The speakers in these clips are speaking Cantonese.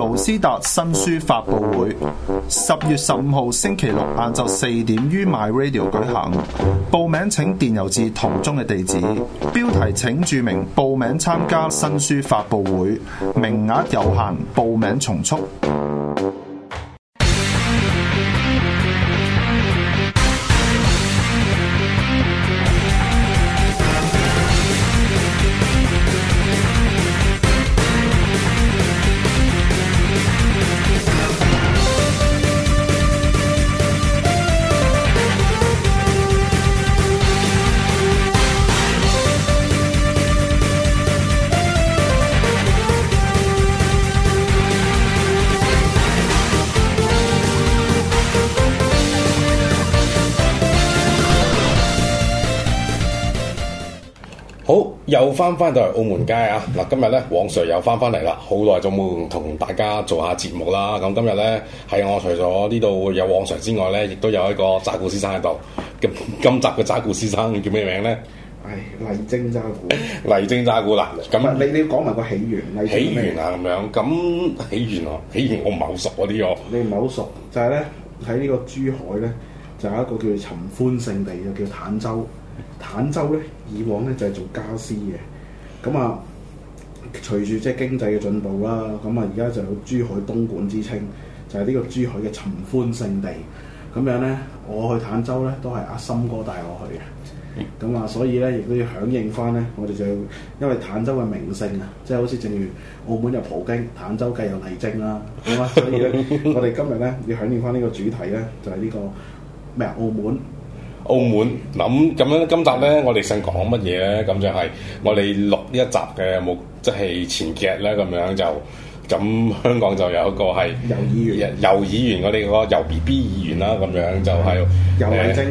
盧斯達新書發布會，十月十五號星期六晏晝四點於 MyRadio 舉行。報名請電郵至圖中嘅地址，標題請注明報名參加新書發布會，名額有限，報名從速。又翻翻到嚟澳門街啊！嗱，今日咧，黃 Sir 又翻翻嚟啦，好耐就冇同大家做下節目啦。咁今日咧，係我除咗呢度有黃 Sir 之外咧，亦都有一個渣古先生喺度。今今集嘅渣古先生叫咩名咧？唉、哎，麗晶渣古，麗晶渣古啦。咁，你你講埋個起源起源啊咁樣咁起源啊，起源、啊、我唔係好熟嗰啲喎。你唔係好熟就係咧喺呢個珠海咧，就有一個叫做尋歡勝地，又叫坦洲。坦洲咧，以往咧就係、是、做家私嘅，咁啊，隨住即係經濟嘅進步啦，咁啊而家就有珠海東莞之稱，就係、是、呢個珠海嘅尋歡勝地。咁樣咧，我去坦洲咧都係阿深哥帶我去嘅，咁啊，所以咧亦都要響應翻咧，我哋就，就因為坦洲嘅名勝啊，即、就、係、是、好似正如澳門有葡京，坦洲計有麗晶啦，咁啊，所以 我哋今日咧要響應翻呢個主題咧，就係、是這個、呢個咩澳門。澳門諗咁樣今集咧，我哋想講乜嘢咧？咁就係我哋錄呢一集嘅目，即係前劇咧咁樣就咁。香港就有一個係游議員，游議員嗰啲嗰個游 B B 議員啦，咁樣就係、是、游蕙禎，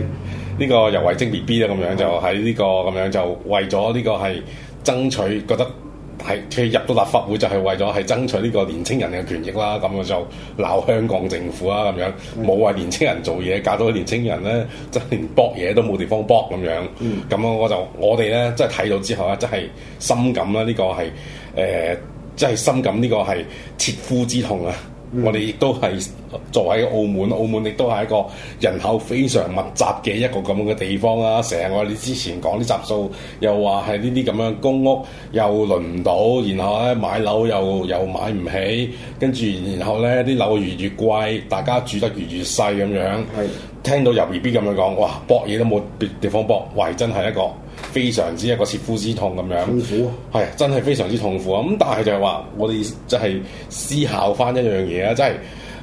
呢個游蕙禎 B B 啦，咁樣就喺呢、這個咁的樣就為咗呢個係爭取覺得。係佢入到立法會就係為咗係爭取呢個年青人嘅權益啦，咁我就鬧香港政府啊咁樣，冇是的 為年青人做嘢，搞到年青人咧，真係連搏嘢都冇地方搏咁樣。咁、嗯、樣我就我哋咧，真係睇到之後咧，真係深感啦，呢個係誒，真係深感呢個係切膚之痛啊！嗯、我哋亦都係做喺澳門，澳門亦都係一個人口非常密集嘅一個咁樣嘅地方啦、啊。成日我哋之前講啲集數，又話係呢啲咁樣公屋又輪唔到，然後咧買樓又又買唔起，跟住然後咧啲樓越越貴，大家住得越越細咁樣。嗯聽到由 B B 咁樣講，哇，撲嘢都冇別地方撲，哇！真係一個非常之一個切膚之痛咁樣，苦服，係真係非常之痛苦啊！咁但係就係話，我哋就係思考翻一樣嘢啊，即係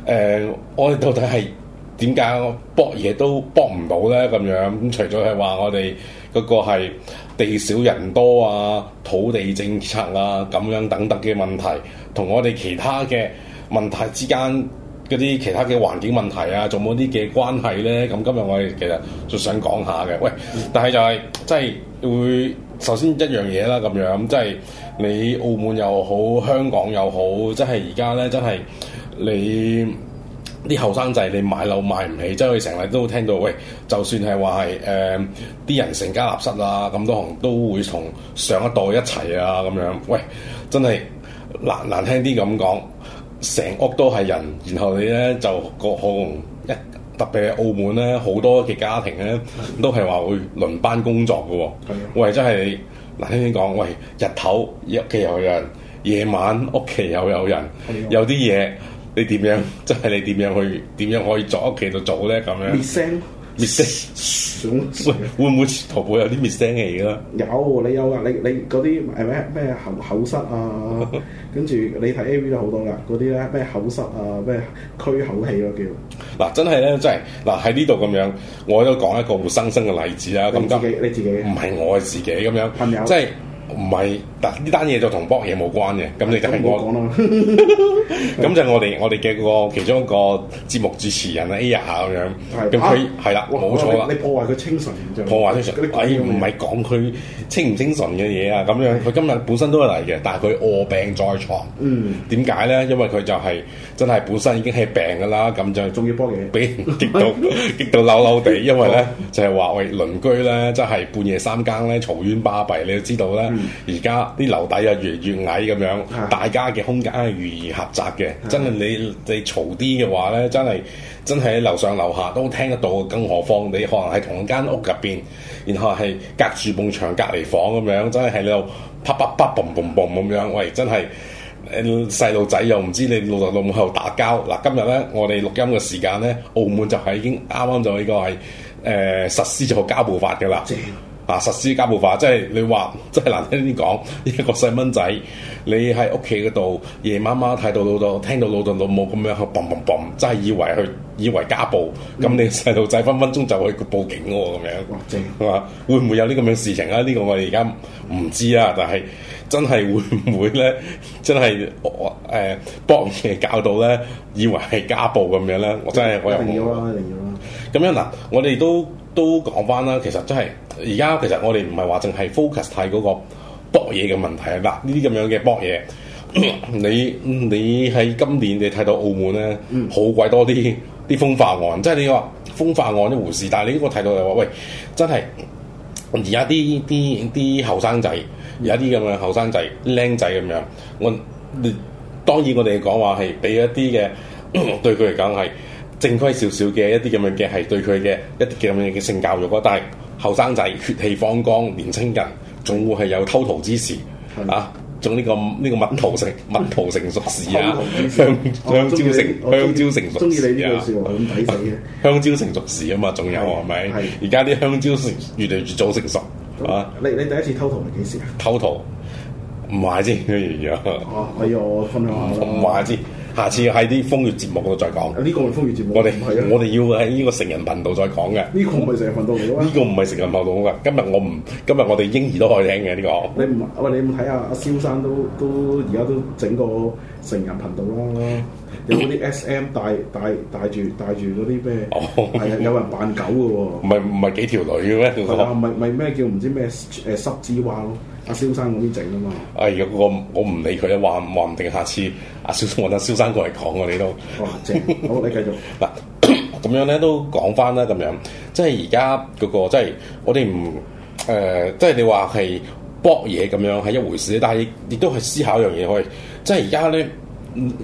誒，我哋到底係點解撲嘢都撲唔到咧？咁樣咁，除咗係話我哋嗰個係地少人多啊、土地政策啊、咁樣等等嘅問題，同我哋其他嘅問題之間。嗰啲其他嘅環境問題啊，仲冇啲嘅關係咧，咁今日我哋其實就想講下嘅。喂，但係就係即係會首先一樣嘢啦，咁樣即係你澳門又好，香港又好，即係而家咧，真係你啲後生仔你買樓買唔起，即係佢成日都聽到喂，就算係話係誒啲人成家立室啦，咁都同都會同上一代一齊啊，咁樣喂，真係難難聽啲咁講。成屋都係人，然後你咧就個可能一特別係澳門咧，好多嘅家庭咧都係話會輪班工作嘅喎、哦。的喂，真係嗱，你聽聽講，喂，日頭屋企又有人，夜晚屋企又有人，的有啲嘢你點樣？即係的你點樣去？點樣可以喺屋企度做咧？咁樣。missing， 會唔會淘寶有啲 missing 嘅啦？有，你有噶，你你嗰啲係咩咩口口塞啊？跟住你睇 A V 都好多噶，嗰啲咧咩口塞啊，咩驅 口、啊、口氣咯叫。嗱真係咧，真係嗱喺呢度咁樣，我都講一個活生生嘅例子啦。咁急，你自己？唔係我嘅自己咁樣，朋友。即係、即係。唔係，但呢單嘢就同博嘢冇關嘅，咁你就係我講。咁就係我哋我哋嘅個其中一個節目主持人啊，Aya 咁樣。咁佢係啦，冇錯啦。你破壞佢清純，破壞清純。啲鬼唔係講佢清唔清純嘅嘢啊？咁樣佢今日本身都係嚟嘅，但係佢臥病在床。嗯。點解咧？因為佢就係真係本身已經係病噶啦，咁就仲要博嘢，俾人激到激到嬲嬲地。因為咧就係話喂，鄰居咧，真係半夜三更咧嘈冤巴閉，你都知道咧。而家啲樓底啊越嚟越矮咁樣，啊、大家嘅空間係越嚟越狹窄嘅。真係你你嘈啲嘅話咧，真係真係喺樓上樓下都聽得到。更何況你可能喺同一間屋入邊，然後係隔住埲牆隔離房咁樣，真係喺度啪啪啪嘣嘣嘣咁樣。喂，真係細路仔又唔知你老豆老母喺度打交嗱、啊。今日咧，我哋錄音嘅時間咧，澳門就係已經啱啱就呢個係誒、呃、實施咗家暴法嘅啦。啊！實施家暴法，即係你話，即係難聽啲講，一個細蚊仔，你喺屋企嗰度，夜媽媽睇到老豆，聽到老豆老母咁樣，嘣嘣嘣，真係以為佢以為家暴，咁、嗯、你細路仔分分鐘就去報警喎，咁樣，係嘛？會唔會有呢咁樣事情啊？呢、呢個我哋而家唔知啊，但係真係會唔會咧？真係我誒扑野教到咧，以為係家暴咁樣咧？我真係我又有要啦，一定要啦！咁樣嗱，我哋都。都講返啦，其實真係而家其實我哋唔係話淨係 focus 喺嗰個扑嘢嘅問題啊！嗱，呢啲咁樣嘅扑嘢，你你喺今年你睇到澳門咧，好鬼、嗯、多啲啲風化案，即係你話風化案一回事，但係你呢個睇到就話、是、喂，真係而家啲啲啲後生仔，有啲咁樣後生仔僆仔咁樣，我你當然我哋講話係俾一啲嘅對佢嚟講係，正規少少嘅一啲咁樣嘅係對佢嘅一啲咁樣嘅性教育咯，但係後生仔血氣方剛，年青人仲會係有偷桃之時啊！仲呢個呢個蜜桃成蜜桃成熟時啊，香蕉成香蕉成熟，中意你呢句説咁抵死嘅香蕉成熟時啊嘛，仲有係咪？而家啲香蕉越嚟越早成熟啊！你你第一次偷桃係幾時啊？偷桃唔話先，有啊！哎呀，我分享唔話先。下次喺啲風月節目嗰度再講。呢個係風月節目，我哋們我哋要喺呢個成人頻道再講嘅。呢個唔係成人頻道嚟嘅。呢 個唔係成人頻道嘅。今日我唔，今日我哋嬰兒都可以聽嘅呢、這個你。你唔喂你唔睇下阿蕭生都都而家都，都整個成人頻道啦，有嗰啲 SM 帶 帶帶住帶住嗰啲咩？係啊， 有人扮狗嘅喎。唔係唔係幾條女嘅咩？係啊說，咪咪咩叫唔知咩誒濕字話咯？阿蕭生嗰啲整啊嘛，哎呀嗰、嗰個我唔理佢啊，話話唔定下次阿蕭我等蕭生過嚟講啊，你都、哦，正，好你繼續，嗱咁 樣咧都講翻啦，咁樣即係而家嗰個即係我哋唔誒，即係、那個呃、你話係撲嘢咁樣係一回事，但係亦都係思考一樣嘢可以，即係而家咧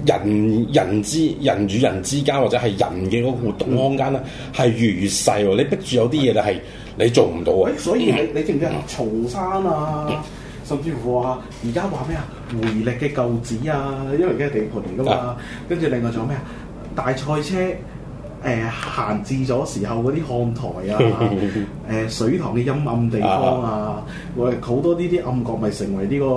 人人之人與人之間或者係人嘅嗰個活動空間咧係越嚟越細，你逼住有啲嘢就係。嗯你做唔到啊！所以你你知唔知啊？松山啊，甚至乎話而家話咩啊？回力嘅舊址啊，因為而家係地盤嚟噶嘛。跟住、啊、另外仲有咩啊？大賽車誒、呃、閒置咗時候嗰啲看台啊，誒、 呃、水塘嘅陰暗地方啊，我哋好多呢啲暗角咪成為呢、這個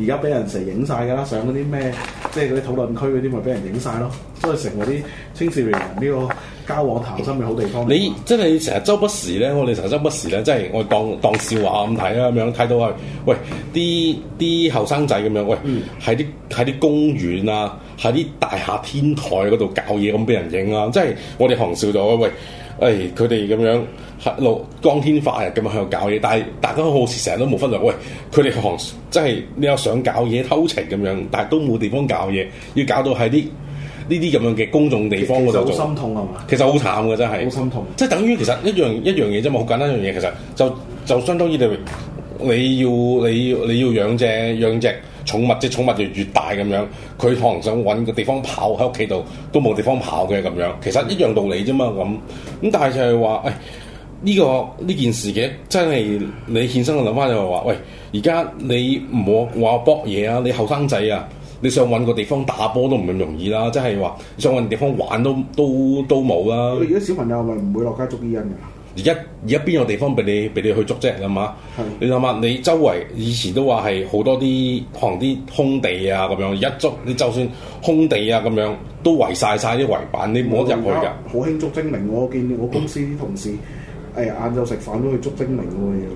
而家俾人成日影晒噶啦，上嗰啲咩即係嗰啲討論區嗰啲咪俾人影晒咯，即係成為啲青少年人呢、這個。交往談心嘅好地方。你真係成日周不時咧，我哋成日周不時咧，即係我當當笑話咁睇啊，咁樣睇到係，喂，啲啲後生仔咁樣，喂，喺啲喺啲公園啊，喺啲大廈天台嗰度搞嘢咁俾人影啊，即係我哋行少咗，喂，誒、哎，佢哋咁樣落光天化日咁樣喺度搞嘢，但係大家都好似成日都冇分量，喂，佢哋行，即係你有想搞嘢偷情咁樣，但係都冇地方搞嘢，要搞到喺啲。呢啲咁樣嘅公眾地方度做，其實好心痛啊嘛？其實好慘嘅真係，好心痛。即係等於其實一樣一樣嘢啫嘛，好簡單一樣嘢。其實就就相當於你你要你要你要養隻養隻寵物，隻寵物就越大咁樣，佢可能想揾個地方跑喺屋企度，都冇地方跑嘅咁樣。其實一樣道理啫嘛咁。咁但係就係話，誒呢個呢件事嘅真係你現身，我諗翻就係話，喂而家你唔好話撲嘢啊，你後生仔啊！你想揾個地方打波都唔咁容易啦，即係話你想揾地方玩都都都冇啦。你而家小朋友咪唔會落街捉啲人㗎？而家而家邊個地方俾你俾你去捉啫？嘛，是的 你諗下你周圍以前都話係好多啲可能啲空地啊咁樣，一捉你就算空地啊咁樣都圍晒晒啲圍板，你冇得入去㗎。好興捉精靈，我見我公司啲同事誒晏晝食飯都去捉精靈嘅。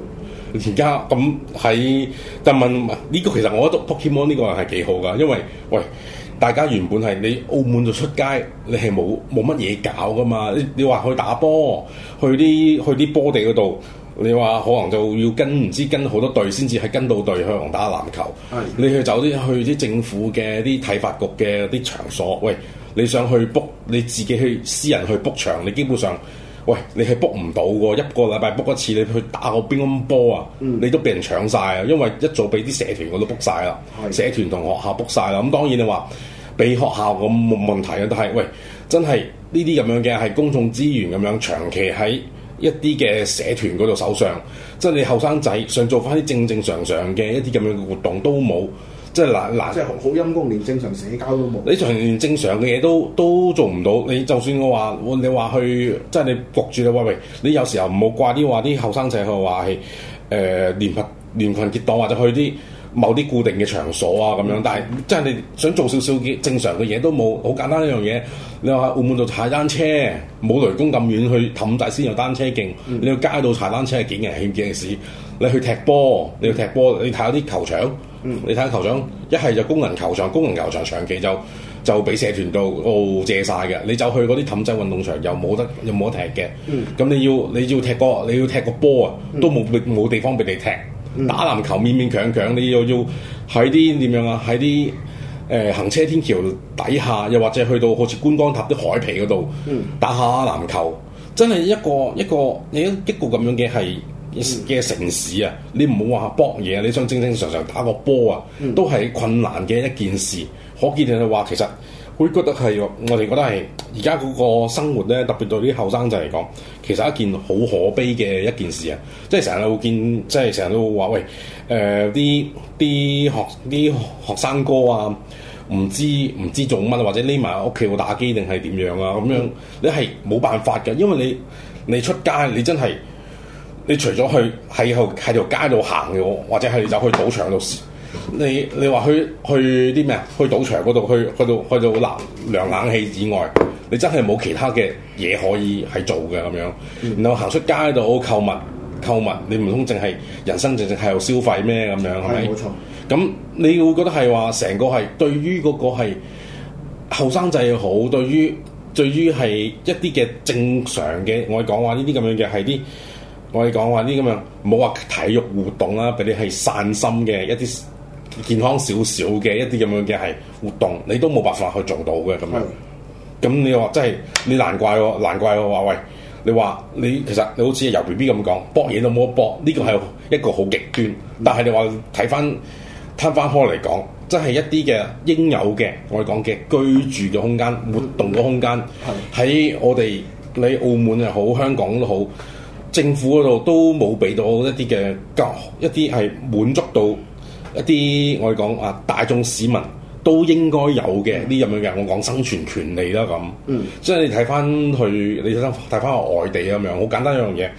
而家咁喺就問呢個，其實我覺得 Pokemon 呢個係幾好噶，因為喂大家原本係你澳門就出街，你係冇冇乜嘢搞噶嘛？你你話去打波，去啲去啲波地嗰度，你話可能就要跟唔知跟好多隊先至係跟到隊去打籃球。係的你去走啲去啲政府嘅啲體發局嘅啲場所，喂你想去 book 你自己去私人去 book 場，你基本上。喂，你係 book 唔到嘅，一個禮拜 book 一次，你去打個乒乓波啊，嗯、你都俾人搶晒啊！因為一早俾啲社團嗰度 book 曬啦，社團同學校 book 曬啦。咁、嗯、當然你話，俾學校個問題啊，都係，喂，真係呢啲咁樣嘅係公眾資源咁樣長期喺一啲嘅社團嗰度手上，即係你後生仔想做翻啲正正常常嘅一啲咁樣嘅活動都冇。即係嗱嗱，即係好陰功，連正常社交都冇。你連正常嘅嘢都都做唔到。你就算我話你話去，即係你焗住你威喂，你有時候唔好掛啲話啲後生仔去話係誒連群連群結黨，或者去啲某啲固定嘅場所啊咁樣。但係即係你想做少少正常嘅嘢都冇。好簡單一樣嘢，你話澳門度踩單車，冇雷公咁遠去氹仔先有單車徑。你要街度踩單車係幾危險幾危險？你去踢波、嗯，你去踢波，你睇下啲球場。你睇下球場，一係就工人球場，工人球場長期就就俾社團度度、哦、借晒嘅。你走去嗰啲氹仔運動場又，又冇得又冇得踢嘅。咁、嗯、你要你要踢個你要踢個波啊，嗯、都冇冇地方俾你踢。嗯、打籃球勉勉強強，你又要喺啲點樣啊？喺啲誒行車天橋底下，又或者去到好似觀光塔啲海皮嗰度、嗯、打下籃球，真係一個一個你一個咁樣嘅係。嘅、嗯、城市啊，你唔好話搏嘢，你想正正常常打個波啊，嗯、都係困難嘅一件事。可見就係話，其實會覺得係我哋覺得係而家嗰個生活咧，特別對啲後生仔嚟講，其實一件好可悲嘅一件事啊！即係成日會見，即係成日都會話喂，誒啲啲學啲學生哥啊，唔知唔知做乜，或者匿埋屋企度打機定係點樣啊？咁樣、嗯、你係冇辦法嘅，因為你你出街你真係。你除咗去喺後喺條街度行嘅，或者係你走去賭場度，你你話去去啲咩啊？去賭場嗰度去去到去到冷涼冷，冷氣以外，你真係冇其他嘅嘢可以係做嘅咁樣。然後行出街度購物購物，你唔通淨係人生淨淨係度消費咩咁樣？係咪？冇錯。咁你會覺得係話成個係對於嗰個係後生仔又好，對於對於係一啲嘅正常嘅，我講話呢啲咁樣嘅係啲。我哋講話呢啲咁樣，唔好話體育活動啦，俾你係散心嘅一啲健康少少嘅一啲咁樣嘅係活動，你都冇辦法去做到嘅咁樣。咁是的 你話真係你難怪我，難怪我話喂，你話你其實你好似由 B B 咁講搏嘢都冇得搏，呢個係一個好極端。但係你話睇翻攤翻開嚟講，真係一啲嘅應有嘅，我哋講嘅居住嘅空間、活動嘅空間，喺是的 我哋你澳門又好、香港都好。政府嗰度都冇俾到一啲嘅夠一啲係滿足到一啲我哋講啊，大眾市民都應該有嘅呢咁樣嘅，我講生存權利啦咁。嗯，即係你睇翻去你睇翻去外地咁樣，好簡單一樣嘢，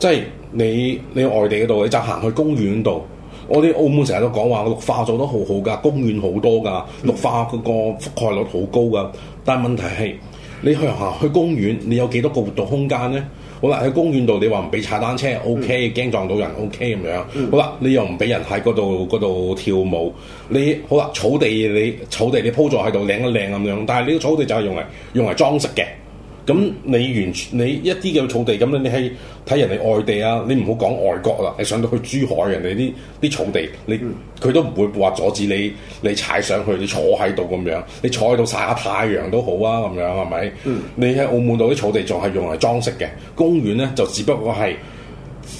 即係你你喺外地嗰度，你就行去公園度。我哋澳門成日都講話綠化做得好好㗎，公園好多㗎，綠化嗰個覆蓋率好高㗎。但係問題係你去行去公園，你有幾多個活動空間呢？好啦，喺公園度你話唔俾踩單車，OK，驚撞、嗯、到人，OK 咁樣、嗯。好啦，你又唔俾人喺嗰度嗰度跳舞。你好啦，草地你草地你鋪咗喺度靚啊靚咁樣，但係你個草地就係用嚟用嚟裝飾嘅。咁你完全你一啲嘅草地咁樣，你喺睇人哋外地啊，你唔好講外國啦，你上到去珠海人哋啲啲草地，你佢、嗯、都唔會話阻止你你踩上去，你坐喺度咁樣，你坐喺度曬下太陽都好啊，咁樣係咪？嗯、你喺澳門度啲草地仲係用嚟裝飾嘅公園咧，就只不過係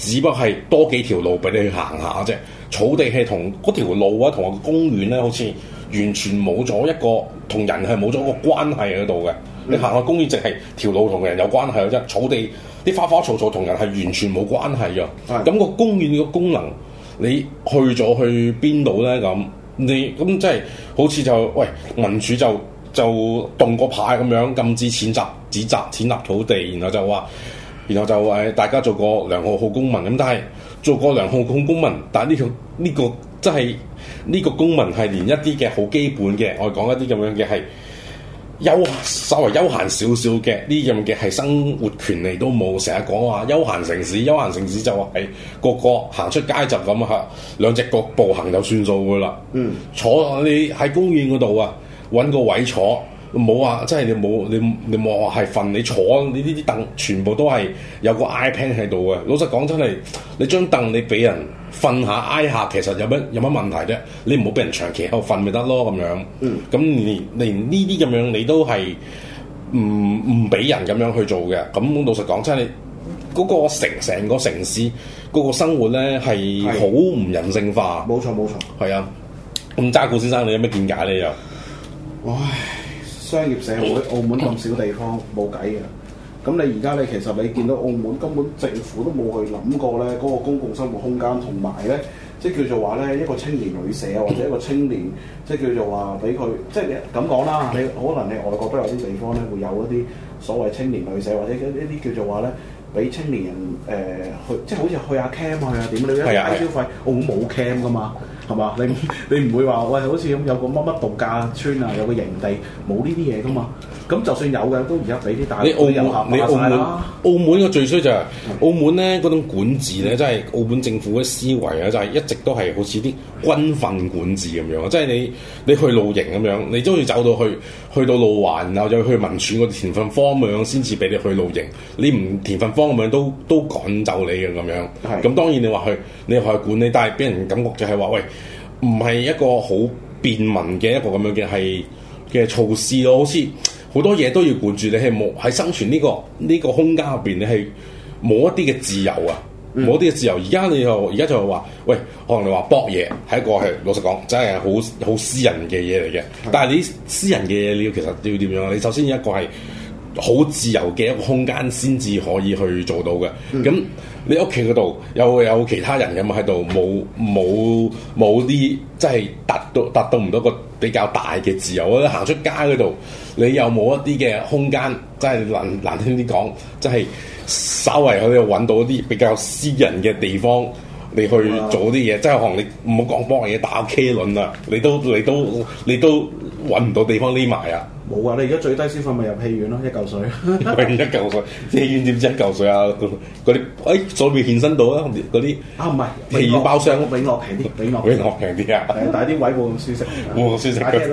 只不過係多幾條路俾你去行下啫。草地係同嗰條路啊，同個公園咧，好似完全冇咗一個同人係冇咗個關係喺度嘅。你行個公園，淨係條路同人有關係嘅啫。草地啲花花草草同人係完全冇關係嘅。咁的個公園嘅功能，你去咗去邊度咧？咁你咁即係好似就喂，民署就就動個牌咁樣禁止佔宅、佔宅、佔立土地，然後就話，然後就誒大家做個良好好公民咁。但係做個良好好公民，但係呢個呢個、這個、真係呢個公民係連一啲嘅好基本嘅，我講一啲咁樣嘅係。休稍微休閒少少嘅，呢樣嘅係生活權利都冇，成日講話休閒城市，休閒城市就話係個個行出街就咁吓，兩隻腳步行就算數嘅啦。嗯，坐你喺公園嗰度啊，搵個位坐。冇話，真係你冇你你冇話係瞓，你坐你呢啲凳全部都係有個 iPad 喺度嘅。老實講，真係你張凳你俾人瞓下挨下，其實有乜有乜問題啫？你唔好俾人長期喺度瞓咪得咯咁樣。咁、嗯、連連呢啲咁樣你都係唔唔俾人咁樣去做嘅。咁老實講，真係嗰個城成個城市嗰個生活咧係好唔人性化。冇錯冇錯。係啊，咁渣古先生你有咩見解咧又？唉。商業社會，澳門咁少地方冇計嘅。咁你而家你其實你見到澳門根本政府都冇去諗過咧，嗰個公共生活空間同埋咧，即係、就是、叫做話咧一個青年旅社或者一個青年，即、就、係、是、叫做話俾佢，即係你咁講啦。你可能你外國都有啲地方咧，會有一啲所謂青年旅社或者一啲叫做話咧，俾青年人誒、呃、去，即、就、係、是、好似去下 camp 去啊點啊，你而家消費，澳門冇 camp 噶嘛？係嘛？你你唔會話喂，好似咁有個乜乜度假村啊，有個營地，冇呢啲嘢噶嘛？咁就算有嘅，都而家俾啲大陸啲遊客霸曬啦。你澳門個最衰就係澳門咧嗰、就係嗯、種管治咧，真係澳門政府嘅思維啊，就係一直都係好似啲軍訓管治咁樣，即係你你去露營咁樣，你都要走到去。去到路環，然後再去民署，我填份 form，咁樣先至俾你去露營。你唔填份 form，咁樣都都趕走你嘅咁樣。咁是當然你話去你去管理，但係俾人感覺就係話喂，唔係一個好便民嘅一個咁樣嘅係嘅措施咯。好似好多嘢都要管住你，係冇喺生存呢個呢個空間入邊，你係冇一啲嘅自由啊。冇啲嘅自由，而家你又而家就係話，喂，可能你話扑嘢係一個係老實講真係好好私人嘅嘢嚟嘅，是的 但係你私人嘅嘢你要其實要點樣啊？你首先一個係。好自由嘅一個空間先至可以去做到嘅。咁、嗯、你屋企嗰度又有其他人有冇喺度，冇冇冇啲即係達到達到唔到個比較大嘅自由啊！行出街嗰度，你又冇一啲嘅空間，即係難難聽啲講，即係稍為去揾到一啲比較私人嘅地方，你去做啲嘢。嗯、即係可能你唔好講幫人嘢打茄輪啦，你都你都你都揾唔到地方匿埋啊！冇啊！你而家最低消費咪入戲院咯，一嚿水。永 遠一嚿水，戲院點知一嚿水啊？嗰啲哎，左邊健身度啊！嗰啲啊唔係戲院包廂比樂平啲，比樂比樂平啲啊！但係啲位冇咁舒適，冇咁、嗯、舒適。擺喺隔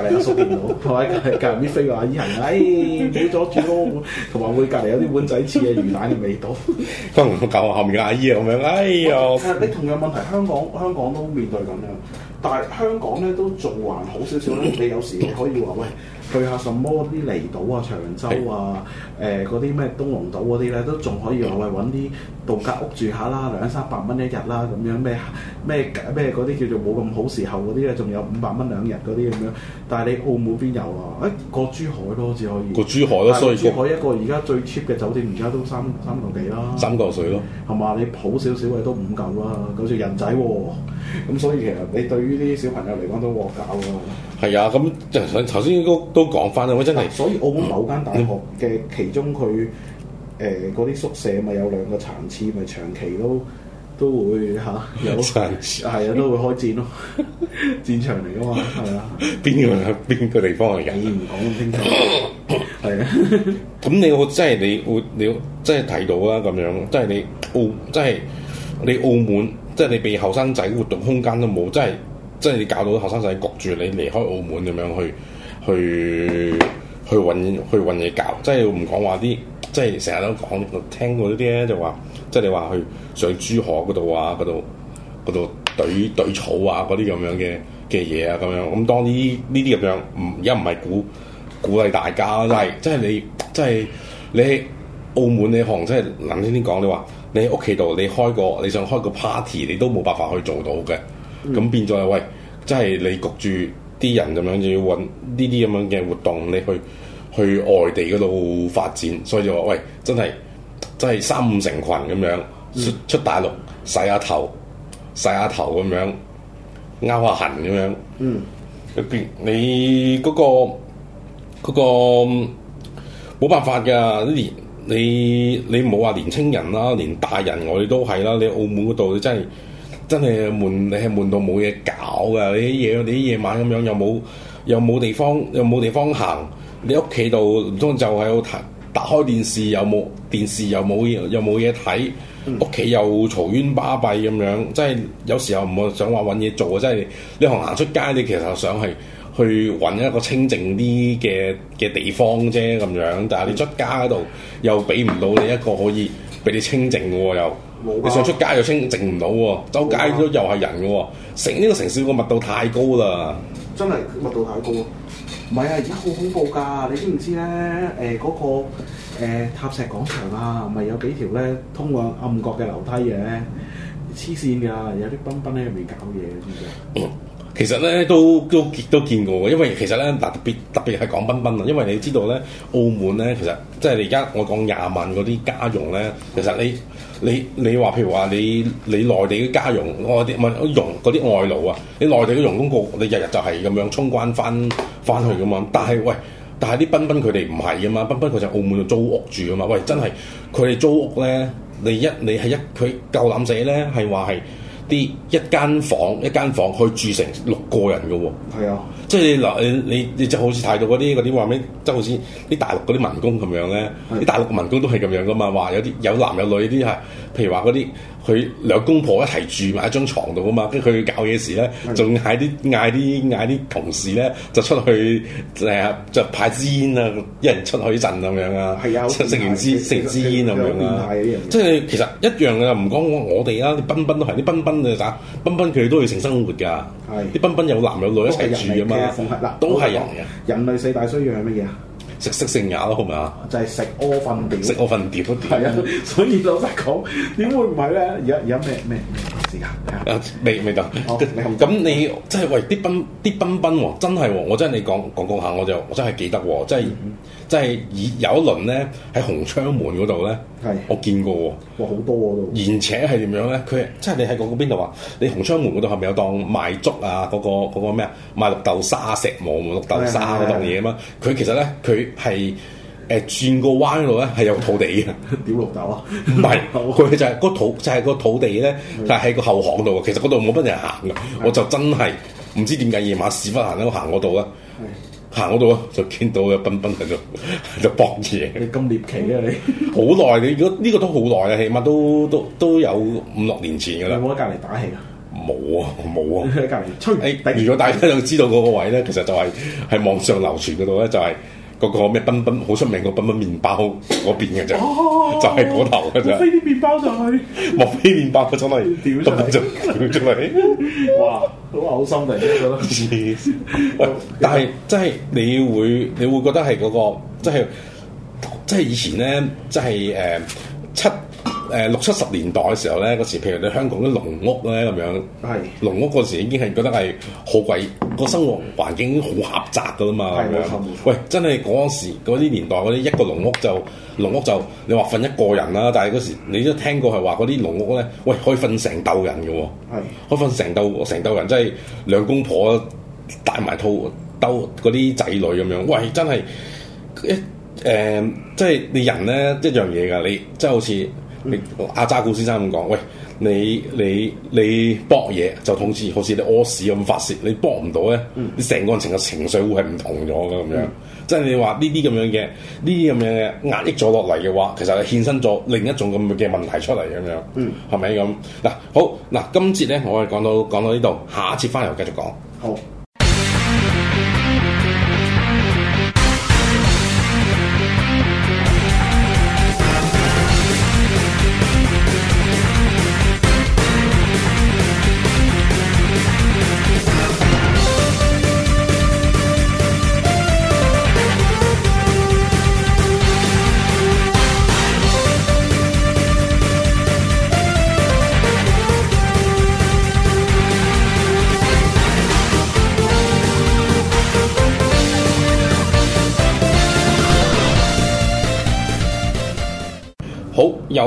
離阿叔見到，坐喺隔隔離啲飛個阿姨，哎冇阻住咯，同埋會隔離有啲碗仔翅嘅魚蛋嘅味道。可能唔好教啊，後面嘅阿姨啊，咁樣，哎呀！你同樣問題，香港香港都面對咁樣，但係香港咧都仲還好少少啦。你有時你可以話喂。去下什麼啲離島啊、長洲啊、誒嗰啲咩東龍島嗰啲咧，都仲可以係揾啲度假屋住下啦，兩三百蚊一日啦，咁樣咩咩咩嗰啲叫做冇咁好時候嗰啲咧，仲有五百蚊兩日嗰啲咁樣。但係你澳門邊有啊？誒、哎、過珠海咯，只可以。過珠海咯，所以過珠海一個而家最 cheap 嘅酒店，而家都三三嚿幾啦。三嚿水咯，同埋你好少少嘅都五嚿啦，嗰時人仔喎，咁所以其實你對於啲小朋友嚟講都喎教啊。係啊，咁頭先都都講翻啦，我真係。所以澳門某間大學嘅其中佢誒嗰啲宿舍咪有兩個殘廁，咪長期都都會嚇、啊、有殘廁，係啊，啊，都會開戰咯，戰場嚟噶嘛，係啊。邊個人喺邊個地方嘅人？唔講清楚。係 啊。咁 你我即係你會你即係睇到啦。咁樣、就是，即係你澳，即係你澳門，即、就、係、是、你俾後生仔活動空間都冇，即、就、係、是。即係你教到學生仔焗住你離開澳門咁樣去去去揾去嘢搞。即係唔講話啲，即係成日都講我聽過啲咧，就話即係你話去上珠海嗰度啊，嗰度嗰度堆堆草那那啊，嗰啲咁樣嘅嘅嘢啊，咁樣咁當然呢啲咁樣，而家唔係鼓鼓勵大家，就係、是、即係你即係、就是、你喺澳門你行，即係諗先先講你話，你喺屋企度你開個你想開個 party，你都冇辦法去做到嘅。咁、嗯、變咗係喂，真係你焗住啲人咁樣，就要揾呢啲咁樣嘅活動，你去去外地嗰度發展，所以就話喂，真係真係三五成群咁樣出出大陸洗下頭、洗下頭咁樣，勾下痕咁樣。嗯，你嗰、嗰個嗰、嗰個冇、嗰個、辦法㗎，連你你冇話年青人啦，連大人我哋都係啦，你澳門嗰度你真係～真係悶，你係悶到冇嘢搞㗎。你啲嘢，你啲夜，夜晚咁樣又冇，又冇地方，又冇地方行。你屋企度唔通就喺度睇，打開電視又冇電視又，又冇、嗯、又冇嘢睇。屋企又嘈冤巴閉咁樣，真係有時候唔係想話揾嘢做啊！真係你行行出街，你其實想係去揾一個清靜啲嘅嘅地方啫咁樣，但係你出街度又俾唔到你一個可以俾你清靜喎又。啊、你上出街又清淨唔到喎、啊，走街都又係人嘅喎，成呢個城市個密度太高啦。真係密度太高。唔係啊，而家好恐怖㗎，你知唔知咧？誒、呃、嗰、嗰個、呃、塔石廣場啊，唔係有幾條咧通過暗角嘅樓梯嘅、啊，黐線㗎，有啲賓賓喺入面搞嘢嘅、啊。嗯其實咧都都都見過嘅，因為其實咧特別特別係講賓賓啊，因為你知道咧澳門咧其實即係你而家我講廿萬嗰啲家傭咧，其實你你你話譬如話你你內地嘅家傭，我啲唔係啲啲外勞啊，你內地嘅傭工局你日日就係咁樣沖關翻翻去嘅嘛，但係喂，但係啲賓賓佢哋唔係嘅嘛，賓賓佢就澳門就租屋住嘅嘛，喂，真係佢哋租屋咧，你一你係一佢夠膽死咧係話係。啲一間房一間房可以住成六個人嘅喎。哦，係啊， 即係你嗱你你你就好似睇到嗰啲嗰啲話咩，即係好似啲大陸嗰啲民工咁樣咧，啲 大陸民工都係咁樣噶嘛，話有啲有男有女啲係譬如話嗰啲。佢兩公婆一齊住埋一張床度噶嘛，跟住佢搞嘢時咧，仲嗌啲嗌啲嗌啲同事咧，就出去誒、啊，就派支煙啊，一人出去一陣咁樣啊，食完支食支煙咁樣啊，即係其實一樣嘅，唔講我哋啦，啲賓賓都係，啲賓賓誒打賓賓佢哋都要成生活㗎，啲賓賓有男有女一齊住啊嘛，都係人嘅。人類四大需要係乜嘢啊？食色性也咯，好唔好啊？就係食屙瞓屌，食屙瞓屌都係啊，所以老實講，點會唔係咧？而家而家咩咩咩時間？未未到。咁你即係喂啲奔啲奔奔喎，真係喎！我真係你講講講下，我就我真係記得喎。即係即係以有一輪咧喺紅窗門嗰度咧，係我見過喎。哇，好多喎都。而且係點樣咧？佢即係你喺講講邊度啊？你紅窗門嗰度係咪有檔賣粥啊？嗰個嗰個咩啊？賣綠豆沙、石磨、綠豆沙嗰檔嘢啊？嘛，佢其實咧，佢係誒，轉個彎度咧，係有土地嘅，屌綠豆啊！唔係，佢就係嗰土，就係個土地咧，就喺個後巷度。其實嗰度冇乜人行噶，我就真係唔知點解夜晚屎忽痕咧，我行嗰度啊，行嗰度啊，就見到有斌斌喺度，就搏嘢，你咁獵奇啊！你好耐，你如果呢個都好耐啊，起碼都都都有五六年前噶啦。有冇喺隔籬打氣啊？冇啊，冇啊，隔籬吹。如果大家就知道嗰個位咧，其實就係喺網上流傳嗰度咧，就係。嗰個咩賓賓好出名個賓賓麵包嗰邊嘅啫，啊、就係嗰頭嘅啫。莫非啲麵包上、就、去、是，莫 非麵包出、就、嚟、是？掉出嚟！哇，好嘔心啊！覺得， 但係真係你會你會覺得係嗰、那個，即係即係以前咧，即係誒七。誒六七十年代嘅時候咧，嗰時譬如你香港啲農屋咧咁樣，農屋嗰時已經係覺得係好貴，個生活環境已經好狹窄噶啦嘛。係咪的？諗樣。喂，真係嗰時嗰啲年代嗰啲一個農屋就農屋就你話瞓一個人啦，但係嗰時你都聽過係話嗰啲農屋咧，喂，可以瞓成竇人嘅喎。可以瞓成竇的成竇人，即係兩公婆帶埋套兜嗰啲仔女咁樣。喂，真係一、欸呃、即係你人咧一樣嘢㗎，你即係好似。嗯、阿渣古先生咁講，喂，你你你搏嘢就好似好似你屙屎咁發泄，你搏唔到咧，成、嗯、個人情嘅情緒會係唔同咗嘅咁樣，即係你話呢啲咁樣嘅，呢啲咁樣嘅壓抑咗落嚟嘅話，其實係衍生咗另一種咁嘅問題出嚟咁樣，係咪咁？嗱、啊，好，嗱、啊，今節咧我哋講到講到呢度，下一節翻嚟繼續講。好。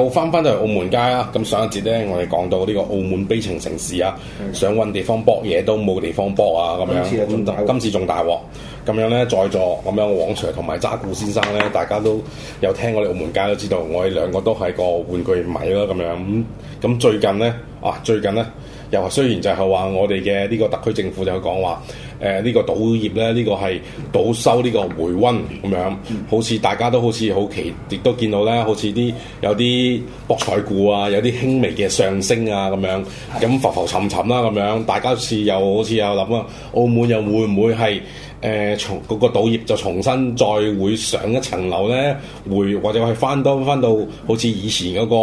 翻翻到去澳門街啦，咁上一節咧，我哋講到呢個澳門悲情城市、嗯、啊，想揾地方博嘢都冇地方博啊，咁樣，今次仲大鑊，咁樣咧，在座咁樣黃 Sir 同埋渣古先生咧，大家都有聽過我哋澳門街都知道，我哋兩個都係個玩具迷咯，咁樣咁最近咧，啊最近咧。又話雖然就係話我哋嘅呢個特區政府就講話，誒、呃這個、呢、呢個賭業咧，呢個係賭收呢個回溫咁樣，好似大家都好似好奇，亦都見到咧，好似啲有啲博彩股啊，有啲輕微嘅上升啊咁樣，咁浮浮沉沉啦、啊、咁樣，大家似又好似又諗啊，澳門又會唔會係？誒、呃，從嗰個賭業就重新再會上一層樓咧，會或者係翻到翻到好似以前嗰個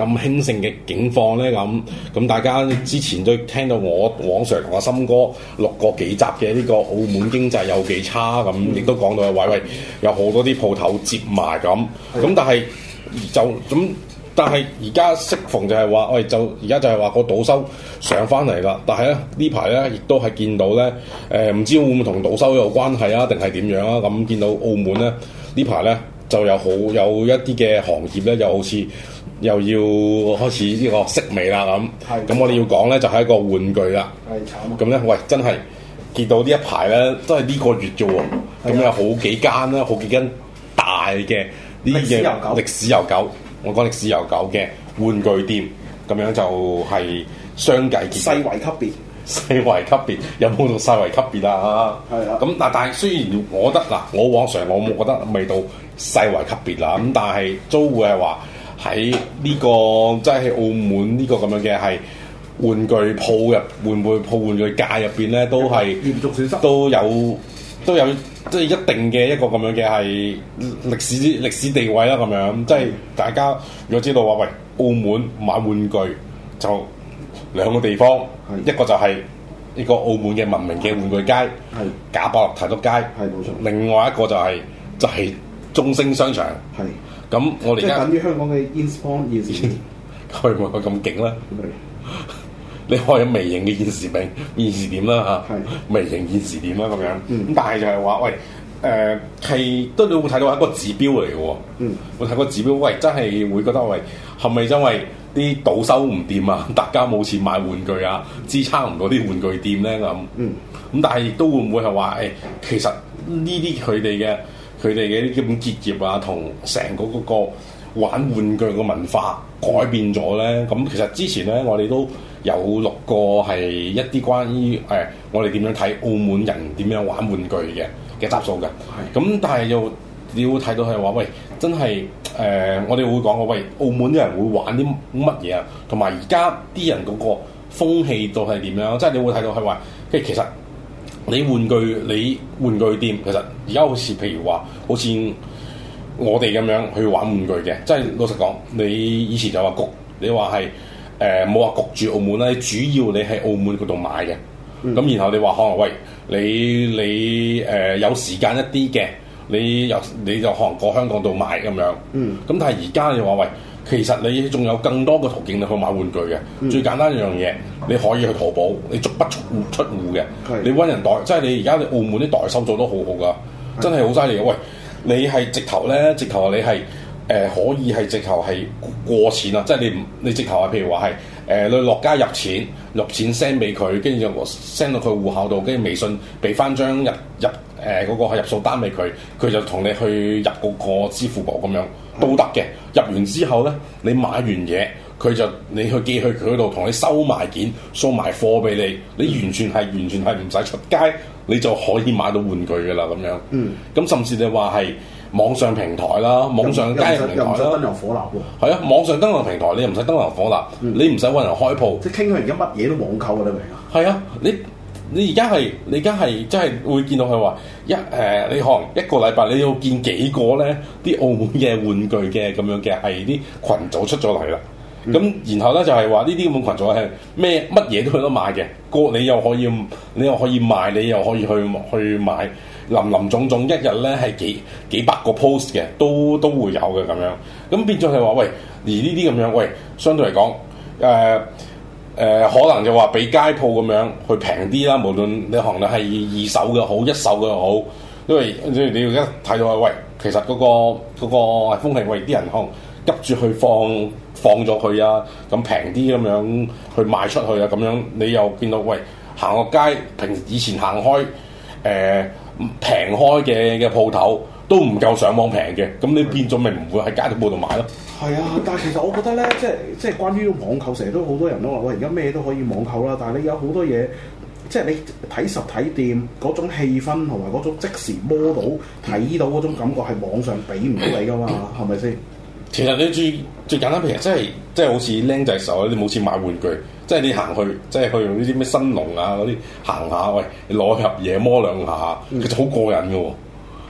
咁興盛嘅境況咧咁。咁大家之前都聽到我黃 Sir 同阿森哥六個幾集嘅呢個澳門經濟有幾差咁，亦都講到話喂喂，有好多啲鋪頭接埋咁，咁但係就咁。但係而家適逢就係話，喂，就而家就係話個賭收上翻嚟啦。但係咧呢排咧，亦都係見到咧，誒、呃，唔知會唔會同賭收有關係啊，定係點樣啊？咁、嗯、見到澳門咧呢排咧，就有好有一啲嘅行業咧，又好似又要開始呢個色味啦咁。咁的我哋要講咧，就係、是、一個玩具啦。係的。咁咧，喂，真係見到呢一排咧，都係呢個月啫喎。咁的有好幾間啦，好幾間大嘅呢嘢，歷史悠久。我講歷史悠久嘅玩具店，咁樣就係相繼結。細圍級別，細圍級別有冇到細圍級別啊？係啊。咁嗱，但係雖然我覺得嗱，我往常我冇覺得未到細圍級別啦。咁但係租戶係話喺呢個即係澳門呢個咁樣嘅係玩具鋪入會唔會玩具鋪入面咧都係都有。都有即係一定嘅一個咁樣嘅係歷史歷史地位啦咁樣，即係大家如果知道話，喂，澳門買玩具就兩個地方，的一個就係呢個澳門嘅聞名嘅玩具街，係賈伯樂提督街，係冇錯。另外一個就係、是、就係中升商場，係咁的我哋即係等於香港嘅 In's Point 佢唔佢咁勁啦。你開咗微型嘅現時點、現時點啦嚇，微型現時點啦咁是樣。咁、嗯、但係就係話，喂，誒、呃、係都你會睇到一個指標嚟嘅喎。嗯、我睇個指標，喂，真係會覺得喂，係咪因為啲賭收唔掂啊？大家冇錢買玩具啊，支撐唔到啲玩具店咧咁。咁、嗯、但係都會唔會係話，誒、欸，其實呢啲佢哋嘅佢哋嘅基本結業啊，同成嗰個個。玩玩具嘅文化改變咗咧，咁其實之前咧，我哋都有錄過係一啲關於誒、哎，我哋點樣睇澳門人點樣玩玩具嘅嘅集數嘅。咁的但係又你要睇到係話，喂，真係誒、呃，我哋會講話，喂，澳門啲人會玩啲乜嘢啊？同埋而家啲人嗰個風氣到係點樣？即係你會睇到係話，即係其實你玩具你玩具店其實而家好似譬如話好似。我哋咁樣去玩玩具嘅，即係老實講，你以前就話焗，你話係誒冇話焗住澳門啦，主要你喺澳門嗰度買嘅，咁、嗯、然後你話可能喂，你你誒、呃、有時間一啲嘅，你又你就可能過香港度買咁樣，咁、嗯、但係而家你話喂，其實你仲有更多嘅途徑你去買玩具嘅，嗯、最簡單一樣嘢，你可以去淘寶，你足不出戶出戶嘅，的你揾人代，即係你而家澳門啲代收做得好好㗎，真係好犀利喂。你係直頭咧，直頭你係誒、呃、可以係直頭係過錢啊！即係你唔你直頭話，譬如話係誒你落街入錢，入錢 send 俾佢，跟住又 send 到佢戶口度，跟住微信俾翻張入入誒嗰、呃嗰個入數單俾佢，佢就同你去入嗰個支付寶咁樣都得嘅。入完之後咧，你買完嘢。佢就你去寄去佢度，同你收埋件、送埋貨俾你，你完全係完全係唔使出街，你就可以買到玩具噶啦咁樣。嗯，咁甚至你話係網上平台啦，網上嘅交平台啦。又唔使燈油火蠟喎。係啊，網上登油平台你唔使登油火蠟、嗯，你唔使揾人開鋪。即係傾向而家乜嘢都網購噶你明家。係啊，你你而家係你而家係真係會見到佢話一誒、呃，你可能一個禮拜你要見幾個咧？啲澳門嘅玩具嘅咁樣嘅係啲群組出咗嚟啦。嗯咁、嗯、然後咧就係話呢啲咁嘅群組係咩乜嘢都去得買嘅，個你又可以你又可以賣，你又可以去去買，林林種種一日咧係幾幾百個 post 嘅，都都會有嘅咁樣。咁變咗係話喂，而呢啲咁樣喂，相對嚟講誒誒，可能就話比街鋪咁樣佢平啲啦。無論你行到係二手嘅好，一手嘅又好，因為因為你而家睇到係喂，其實嗰個嗰個風氣喂啲人控。急住去放放咗佢啊！咁平啲咁樣去賣出去啊！咁樣你又見到喂，行個街平，以前行開誒平、呃、開嘅嘅鋪頭都唔夠上網平嘅，咁你變咗咪唔會喺街度鋪度買咯？係啊，但係其實我覺得咧，即係即係關於網購，成日都好多人都話，喂，而家咩都可以網購啦，但係你有好多嘢，即係你睇實體店嗰種氣氛同埋嗰種即時摸到睇到嗰種感覺係網上畀唔到你噶嘛，係咪先？其實你最最簡單，其實即係即係好似僆仔時候，你冇錢買玩具，即係你行去，即係去用呢啲咩新龍啊嗰啲行下，喂，你攞盒嘢摸兩下，其實好過癮嘅喎，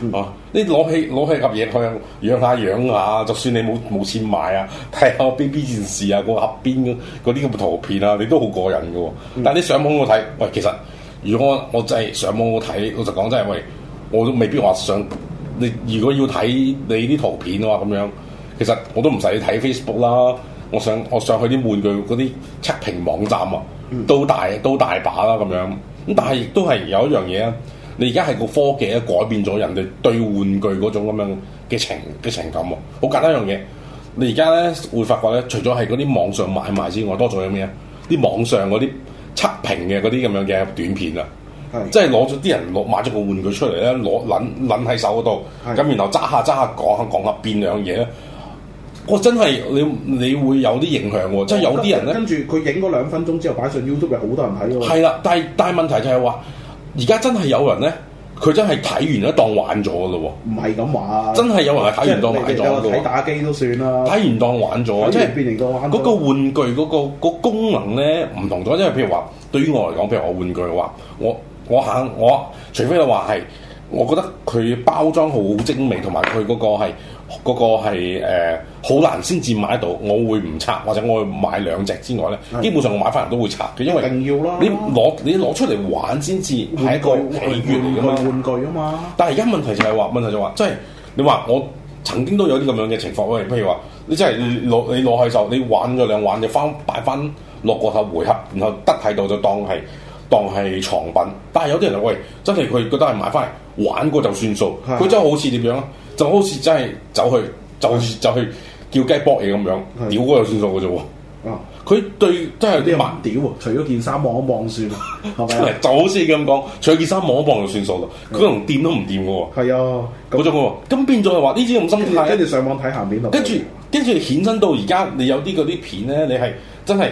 嗯、啊！你攞起攞起盒嘢去養下養下，就算你冇冇錢買啊，睇下邊邊件事啊，個盒邊嗰啲咁嘅圖片啊，你都好過癮嘅喎。嗯，但你上網去睇，喂，其實如果我真係上網去睇，老實講真係，喂，我都未必話想你。如果要睇你啲圖片嘅話，咁樣。其實我都唔使睇 Facebook 啦，我上我上去啲玩具嗰啲測評網站啊，都大都大把啦咁樣。咁但係亦都係有一樣嘢啊，你而家係個科技咧改變咗人哋對玩具嗰種咁樣嘅情嘅情感喎。好簡單一樣嘢，你而家咧會發覺咧，除咗係嗰啲網上買賣之外，多咗有咩啊？啲網上嗰啲測評嘅嗰啲咁樣嘅短片啊，是的 即係攞咗啲人攞買咗個玩具出嚟咧，攞攆攆喺手嗰度，咁是的 然後揸下揸下講下講下變兩樣嘢咧。說說說說我、哦、真係你你會有啲影響喎，即係有啲人咧，跟住佢影嗰兩分鐘之後擺上 YouTube，好多人睇喎。係啦，但係但係問題就係、是、話，而家真係有人咧，佢真係睇完當玩咗咯喎。唔係咁話，真係有人係睇完當買咗，睇打機都算啦，睇完當玩咗，即係嗰個玩具嗰、嗰個嗰個功能咧唔同咗，即係譬如話，對於我嚟講，譬如我玩具嘅話，我我行我，除非你話係，我覺得佢包裝好精美，同埋佢嗰個係。嗰個係呃，好難先至買到，我會唔拆或者我會買兩隻之外咧，基本上我買翻嚟都會拆嘅，因為定要咯。你攞你攞出嚟玩先至，係一個玩具嚟嘅嘛，玩具啊嘛。但係而家問題就係話，問題就話、是，即係你話我曾經都有啲咁樣嘅情況，喂，譬如話你真係攞你攞起就你玩咗兩玩就翻擺翻落個盒回合，然後得喺度就當係當係藏品。但係有啲人就喂，真係佢覺得係買翻嚟玩過就算數，佢的真係好似點樣啊？就好似真係走去，就去走去叫雞搏嘢咁樣，屌嗰又算數嘅啫喎。佢噢對真係啲盲屌喎，除咗件衫望一望算，係咪 Okay. 就好似你咁講，除咗件衫望一望就算數啦。佢的可能掂都唔掂嘅喎。係啊的，嗰種喎。咁那變咗係話呢啲咁心態，跟住上網睇下面咯。跟住，跟住衍生到而家，你有啲嗰啲片咧，你係真係。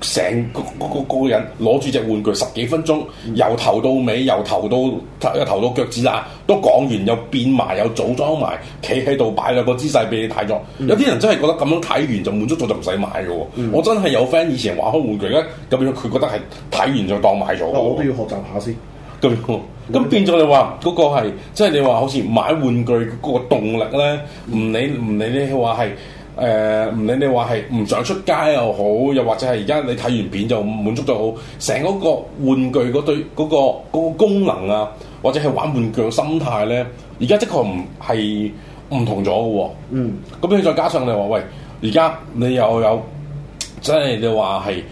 成個個個人攞住隻玩具十幾分鐘，由頭到尾，由頭到由頭到腳趾啦，都講完又變埋又組裝埋，企喺度擺兩個姿勢俾你睇咗。嗯、有啲人真係覺得咁樣睇完就滿足咗，就唔使買嘅喎。我真係有 friend 以前玩開玩具咧，咁樣佢覺得係睇完就當買咗、啊。我都要學習下先。咁咁樣變咗你話嗰個係，即係你話好似買玩具嗰個動力咧，唔理唔理你話係。誒唔理你話係唔想出街又好，又或者係而家你睇完片就滿足咗好，成嗰個玩具嗰對嗰個嗰個功能啊，或者係玩玩具嘅心態咧，而家的確唔係唔同咗嘅喎。嗯，咁你再加上你話喂，而家你又有即係你話係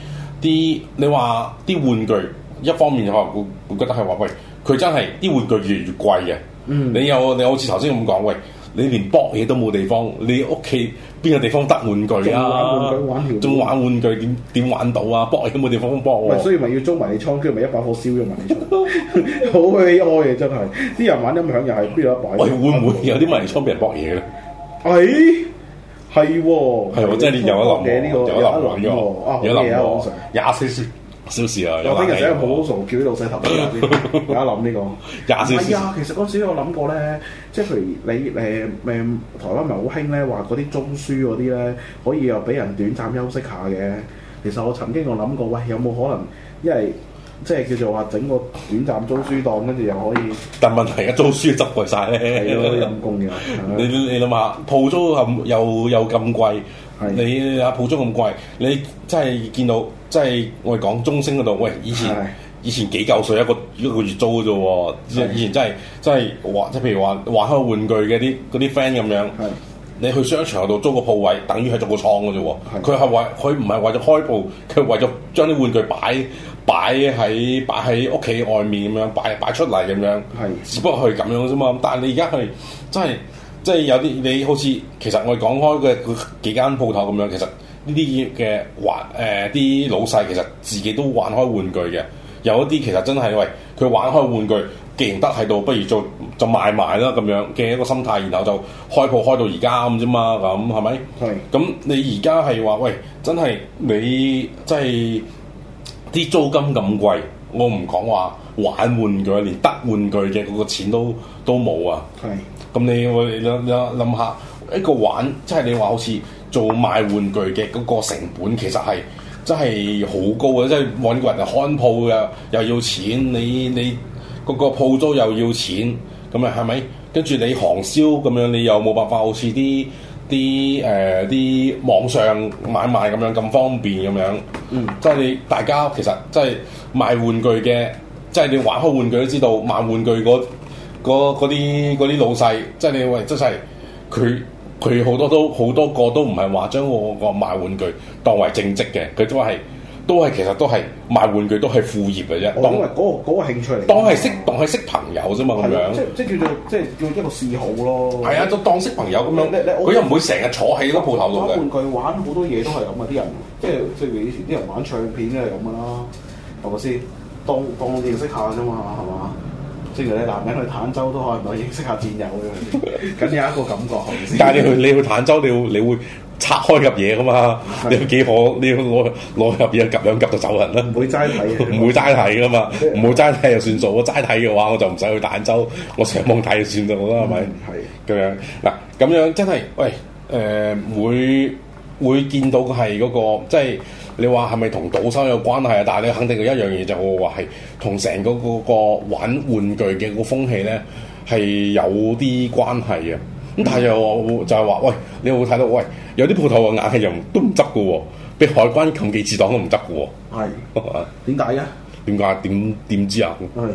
啲你話啲玩具一方面可能會覺得係話喂，佢真係啲玩具越嚟越貴嘅。嗯，你有你好似頭先咁講喂。你連扑嘢都冇地方，你屋企邊個地方得玩具啊？玩玩具玩？仲玩玩具點點玩到啊？扑嘢都冇地方扑喎。所以咪要租迷你倉，咪一把火燒咗迷你倉。好悲哀啊，真係！啲人玩音響又係邊有一擺？喂，會唔會有啲迷你倉俾人扑嘢咧？係係係，我真係有一諗嘅呢個有一諗嘅，有得諗廿四。少時啊，有啲人真係好傻，叫啲老細頭嗰而家諗呢個廿小時。 啊，其實嗰時我諗過咧，即係譬如你誒咩，台灣咪好興咧，話嗰啲租書嗰啲咧，可以又俾人短暫休息下嘅。其實我曾經我諗過，喂，有冇可能，因為即係叫做話整個短暫租書檔，跟住又可以。但問題啊，租書執鬼晒咧，陰功嘅。你你諗下，鋪租又又咁貴。你阿鋪租咁貴，你真係見到，真係我哋講中升嗰度。喂，以前 以前幾嚿水一個一個月租嘅啫喎。 以前真係真係玩，即係譬如話玩開玩具嘅啲嗰啲 friend 咁樣。 你去商場嗰度租個鋪位，等於係做個廠嘅啫喎。佢係 是為，佢唔係為咗開鋪，佢係為咗將啲玩具擺擺喺擺喺屋企外面咁樣擺擺出嚟咁樣。係， 只不過係咁樣啫嘛。但係你而家係真係。真即係有啲你好似，其實我哋講開嘅佢幾間鋪頭咁樣，其實呢啲嘅玩誒啲、呃、老細其實自己都玩開玩，玩具嘅，有一啲其實真係喂，佢玩開玩，玩具，既然得喺度，不如做就賣賣啦咁樣嘅一個心態，然後就開鋪開到而家咁啫嘛，咁係咪？係。咁是你而家係話喂，真係你即係啲租金咁貴，我唔講話玩玩具，連得玩具嘅嗰個錢都都冇啊。係。咁你我哋諗諗諗下，一個玩，即係你話好似做賣玩具嘅嗰個成本，其實係真係好高嘅，即係搵個人看鋪嘅，又要錢，你你嗰個鋪租又要錢，咁啊，係咪？跟住你行銷咁樣，你又冇辦法好似啲啲誒啲網上買賣咁樣咁方便咁樣。嗯，即係你大家其實即係賣玩具嘅，即係你玩開玩具都知道賣玩具嗰。嗰啲啲老細，即係你喂，真係佢佢好多都好多個都唔係話將我個賣玩具當為正職嘅，佢都係都係其實都係賣玩具都係副業嘅啫。當係嗰個嗰個興趣嚟。當係識當係識朋友啫嘛，咁樣即即叫做即叫一個嗜好咯。係啊，就當識朋友咁樣，咧佢又唔會成日坐喺個鋪頭度嘅。玩具玩好多嘢都係咁啊！啲人即係譬如以前啲人玩唱片都係咁噶啦，係咪先？當當認識下啫嘛，係嘛？即係你男人去坦洲都可能可以認識下戰友嘅。咁，有一個感覺。但係你去你去坦洲，你會你會拆開入嘢㗎嘛？你要幾火？你要攞攞入嘢，入兩入就走人啦、啊。唔會齋睇，唔 會齋睇㗎嘛。唔會齋睇就算數。我齋睇嘅話，我就唔使去坦洲，我上網睇就算數啦，係咪、嗯？係咁樣嗱，咁樣真係喂誒、呃，會會見到係嗰、那個即係。你話係咪同賭收有關係啊？但係你肯定嘅一樣嘢就會話係同成個嗰個，個玩玩具嘅個風氣咧係有啲關係嘅。咁但係又就係話、嗯、喂，你有冇睇到？喂，有啲鋪頭嘅眼器又都唔執嘅喎，俾海關冚幾次檔都唔執嘅喎。係點解嘅？點解？點點 知啊？係的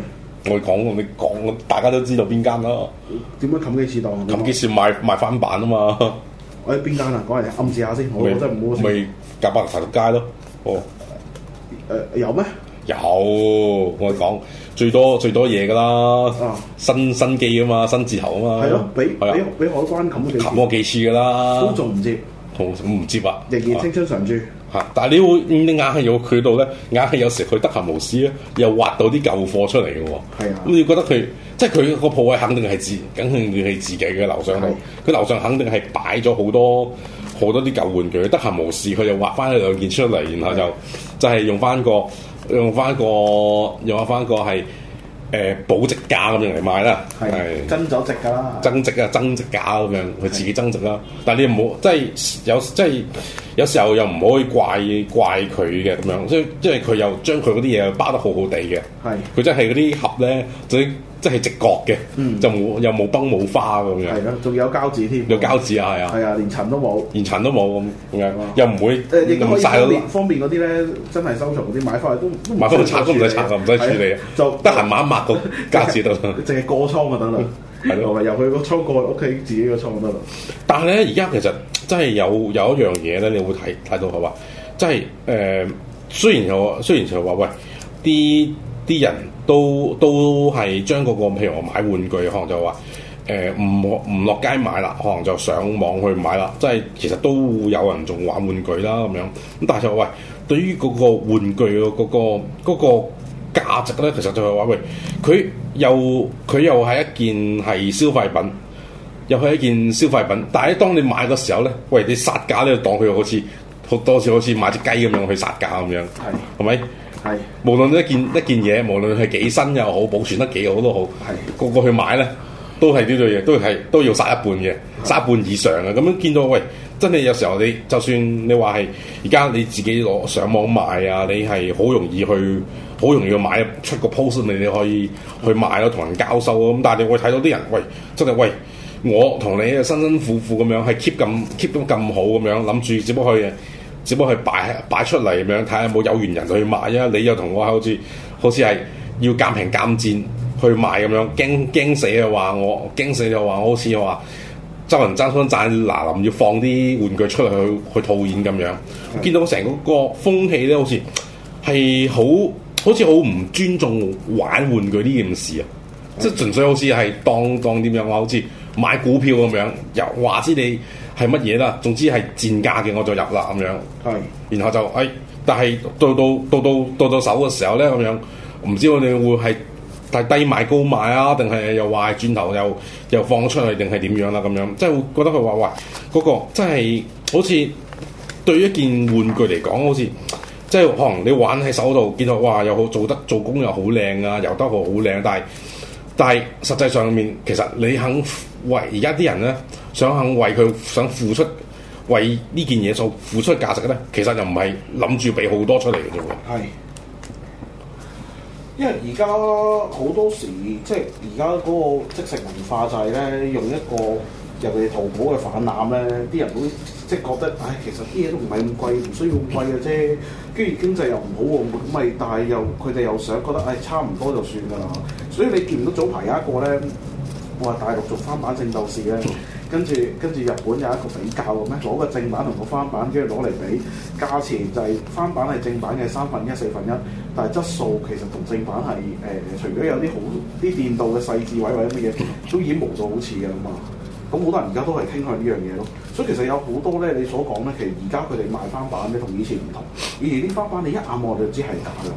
我講，我你講，大家都知道邊間咯？點解冚幾次檔？冚幾次賣賣翻版啊嘛？我喺邊間啊？講嚟暗示下未真先，我覺得唔好意思。咪夾百石路街咯。哦，誒、呃、有咩？有，我講最多最多嘢噶啦。啊、新新記啊嘛，新字頭啊嘛。係咯、啊，畀俾俾海關冚幾冚過幾次噶啦。都仲唔知？我唔知啊，仍然青春常駐嚇、啊，但係你會你硬係有渠道咧，硬係有時佢得閒無事咧，又挖到啲舊貨出嚟嘅喎。係啊的，咁你覺得佢即係佢個鋪位肯定係自，梗係要自己嘅樓上度。佢樓的上肯定係擺咗好多好多啲舊玩具，得閒無事佢又挖翻一兩件出嚟，然後就的就係用翻個用翻個用翻個係。誒、呃、保值價咁樣嚟買的是啦，係增咗值㗎啦，增值啊增值價咁樣，佢自己增值啦。的但係你唔好，即係有即係。有時候又唔可以怪怪佢嘅咁樣，即係即係佢又將佢嗰啲嘢包得好好地嘅。係，佢真係嗰啲盒咧，就即係直角嘅，就冇又冇崩冇花咁樣。係咯，仲有膠紙添。有膠紙啊，係啊。係啊，連塵都冇，連塵都冇咁。又唔會即係咁曬咗啦。方便嗰啲咧，真係收藏啲買翻嚟都都唔使拆，都唔使拆，唔使處理。就得閒抹一抹個膠紙度。淨係過倉啊，等等。係咯，係由佢個創個屋企自己個創得咯。但係咧，而家其實真係有有一樣嘢咧，你會睇睇到佢話，真係誒。雖然我雖然就話喂，啲啲人都都係將嗰個譬如我買玩具，可能就話誒唔唔落街買啦，可能就上網去買啦。即係其實都有人仲玩玩具啦咁樣。咁但係就喂，對於嗰個玩具嗰個嗰個。嗰個價值咧，其實就係話，喂，佢又佢又係一件係消費品，又係一件消費品。但係當你買嘅時候咧，喂，你殺價咧，當佢好似好多時好似買隻雞咁樣去殺價咁樣，係，係咪？係。無論一件一件嘢，無論係幾新又好，保存得幾好都好，係是。個個去買咧，都係呢對嘢，都係都要殺一半嘅，是殺一半以上嘅。咁樣見到喂。真係有時候你就算你話係而家你自己攞上網賣啊，你係好容易去，好容易去買出個 post，你你可以去賣咯，同人交收咯。咁但係你會睇到啲人，喂，真係喂，我同你辛辛苦苦咁樣係 keep 咁 keep 到咁好咁樣，諗住只不過去只不過去擺擺出嚟咁樣，睇下有冇有，有緣人去買啊。因為你又同我好似好似係要減平減賤去賣咁樣，驚驚死就話我，驚死就話我好似話。周圍爭相贊嗱，林，要放啲玩具出去去套現咁樣，見到成個個風氣咧，好似係好好似好唔尊重玩玩具呢件事啊！嗯、即係純粹好似係當當點樣啊？好似買股票咁樣，又話知你係乜嘢啦，總之係賤價嘅我就入啦咁樣。係、嗯，然後就誒、哎，但係到到到到到到手嘅時候咧，咁樣唔知我哋會係。但低買高賣啊？定係又話轉頭又又放出去，定係點樣啦、啊？咁樣即係覺得佢話：喂，嗰、嗰個真係好似對一件玩具嚟講，好似即係可能你玩喺手度，見到哇，又好做得做工又好靚啊，又得個好靚、啊。但係但係實際上面，其實你肯為而家啲人咧，想肯為佢想付出，為呢件嘢所付出價值咧，其實就唔係諗住俾好多出嚟嘅啫喎。哎因為而家好多時，即係而家嗰個即食文化就係咧，用一個入面淘寶嘅氾濫咧，啲人都即係覺得，唉、哎，其實啲嘢都唔係咁貴，唔需要咁貴嘅啫。跟住經濟又唔好喎，咁咪但係又佢哋又想覺得，唉、哎，差唔多就算㗎啦。所以你見唔到早排有一個咧，我話大陸做翻版聖鬥士嘅。跟住，跟住日本有一個比較嘅咩？攞個正版同個翻版，跟住攞嚟比價錢，就係，就係翻版係正版嘅三分一、四分一，但係質素其實同正版係誒、呃，除咗有啲好啲電鍍嘅細緻位或者乜嘢，都已經冇咗好似嘅啦嘛。咁好多人而家都係傾向呢樣嘢咯。所以其實有好多咧，你所講咧，其實而家佢哋賣翻版咧，同以前唔同。以前啲翻版你一眼望就知係假嘅，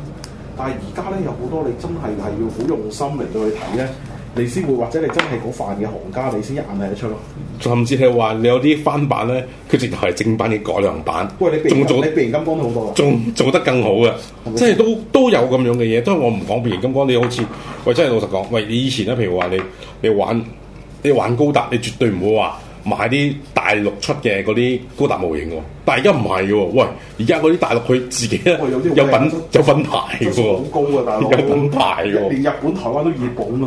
但係而家咧有好多你真係係要好用心嚟到去睇咧。你先會，或者你真係嗰範嘅行家，你先一眼睇得出咯。甚至係話你有啲翻版咧，佢直頭係正版嘅改良版。喂，你變，仲做你變形金剛好多，仲做得更好嘅，即係都都有咁樣嘅嘢。都我唔講變形金剛，你好似喂，真係老實講，喂，你以前咧，譬如話你你玩你玩高達，你絕對唔會話買啲大陸出嘅嗰啲高達模型喎，但係而家唔係喎，喂！而家嗰啲大陸佢自己咧有品有品牌喎，好高嘅大陸有品牌喎，連日本台灣都熱捧 啊。